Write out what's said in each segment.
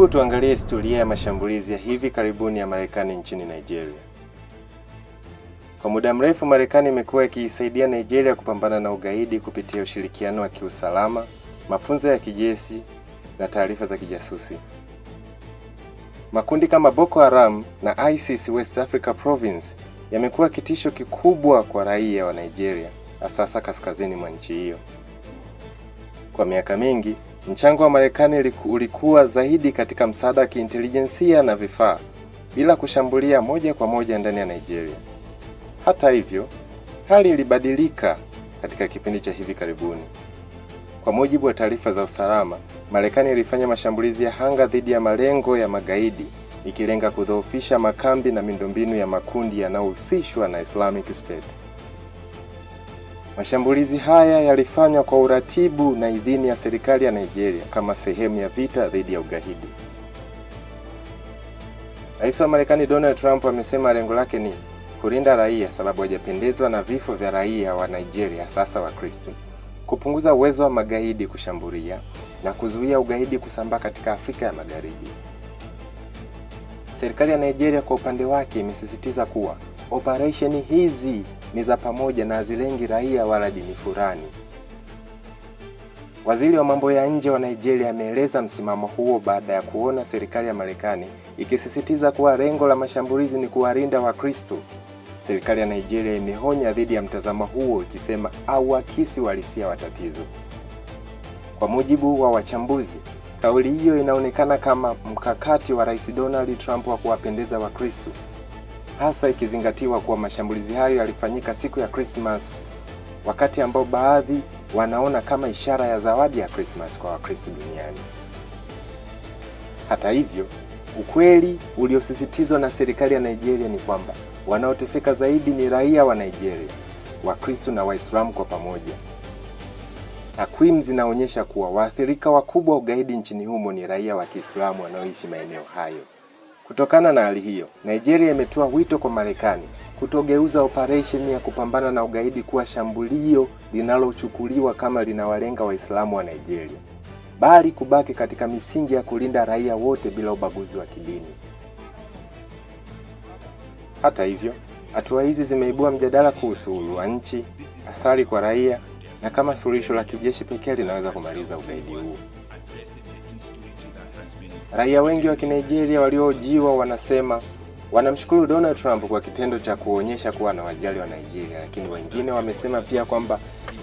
Hebu tuangalie historia ya mashambulizi ya hivi karibuni ya Marekani nchini Nigeria. Kwa muda mrefu, Marekani imekuwa ikiisaidia Nigeria kupambana na ugaidi kupitia ushirikiano wa kiusalama, mafunzo ya kijeshi na taarifa za kijasusi. Makundi kama Boko Haram na ISIS West Africa Province yamekuwa kitisho kikubwa kwa raia wa Nigeria, hasa kaskazini mwa nchi hiyo. Kwa miaka mingi Mchango wa Marekani ulikuwa zaidi katika msaada wa kiintelijensia na vifaa, bila kushambulia moja kwa moja ndani ya Nigeria. Hata hivyo, hali ilibadilika katika kipindi cha hivi karibuni. Kwa mujibu wa taarifa za usalama, Marekani ilifanya mashambulizi ya anga dhidi ya malengo ya magaidi, ikilenga kudhoofisha makambi na miundombinu ya makundi yanayohusishwa na Islamic State. Mashambulizi haya yalifanywa kwa uratibu na idhini ya serikali ya Nigeria kama sehemu ya vita dhidi ya ugaidi. Rais wa Marekani Donald Trump amesema lengo lake ni kulinda raia, sababu hajapendezwa na vifo vya raia wa Nigeria, sasa Wakristo, kupunguza uwezo wa magaidi kushambulia na kuzuia ugaidi kusambaa katika Afrika ya Magharibi. Serikali ya Nigeria kwa upande wake imesisitiza kuwa operesheni hizi ni za pamoja na hazilengi raia wala dini fulani. Waziri wa mambo ya nje wa Nigeria ameeleza msimamo huo baada ya kuona serikali ya Marekani ikisisitiza kuwa lengo la mashambulizi ni kuwalinda Wakristo. Serikali ya Nigeria imeonya dhidi ya mtazamo huo ikisema hauakisi uhalisia wa tatizo. Kwa mujibu wa wachambuzi, kauli hiyo inaonekana kama mkakati wa Rais Donald Trump wa kuwapendeza Wakristo hasa ikizingatiwa kuwa mashambulizi hayo yalifanyika siku ya Krismas, wakati ambao baadhi wanaona kama ishara ya zawadi ya Krismas kwa Wakristo duniani. Hata hivyo, ukweli uliosisitizwa na serikali ya Nigeria ni kwamba wanaoteseka zaidi ni raia wa Nigeria, Wakristo na Waislamu kwa pamoja. Takwimu zinaonyesha kuwa waathirika wakubwa ugaidi nchini humo ni raia wa Kiislamu wanaoishi maeneo hayo. Kutokana na hali hiyo, Nigeria imetoa wito kwa Marekani kutogeuza operesheni ya kupambana na ugaidi kuwa shambulio linalochukuliwa kama linawalenga Waislamu wa Nigeria, bali kubaki katika misingi ya kulinda raia wote bila ubaguzi wa kidini. Hata hivyo, hatua hizi zimeibua mjadala kuhusu uhuru wa nchi, athari kwa raia na kama suluhisho la kijeshi pekee linaweza kumaliza ugaidi huu. Raia wengi wa Kinigeria waliojiwa wanasema wanamshukuru Donald Trump kwa kitendo cha kuonyesha kuwa wajali wa Nigeria, lakini wengine wamesema pia kwamba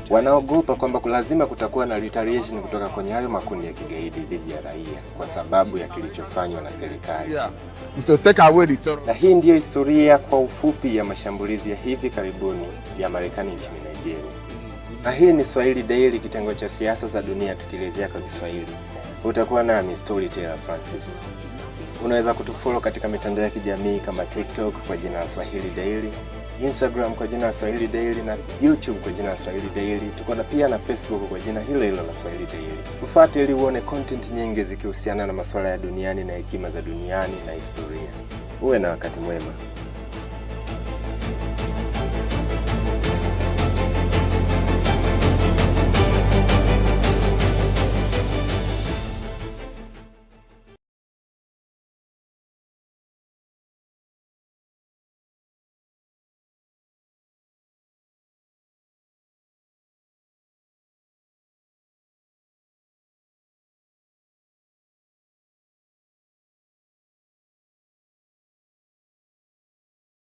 wanaogopa kwamba lazima kutakuwa na retaliation kutoka kwenye hayo makundi ya kigaidi dhidi ya raia kwa sababu ya kilichofanywa na serikali. Yeah. Na hii ndiyo historia kwa ufupi ya mashambulizi ya hivi karibuni ya Marekani nchini Nigeria. Na hii ni Swahili Daily, kitengo cha siasa za dunia, tukielezea kwa Kiswahili utakuwa nami storyteller Francis. Unaweza kutufollow katika mitandao ya kijamii kama TikTok kwa jina la Swahili Daily, Instagram kwa jina la Swahili Daily na YouTube kwa jina la Swahili Daily. Tuko na pia na Facebook kwa jina hilo hilo la Swahili Daily. Tufuate ili uone content nyingi zikihusiana na masuala ya duniani na hekima za duniani na historia. Uwe na wakati mwema.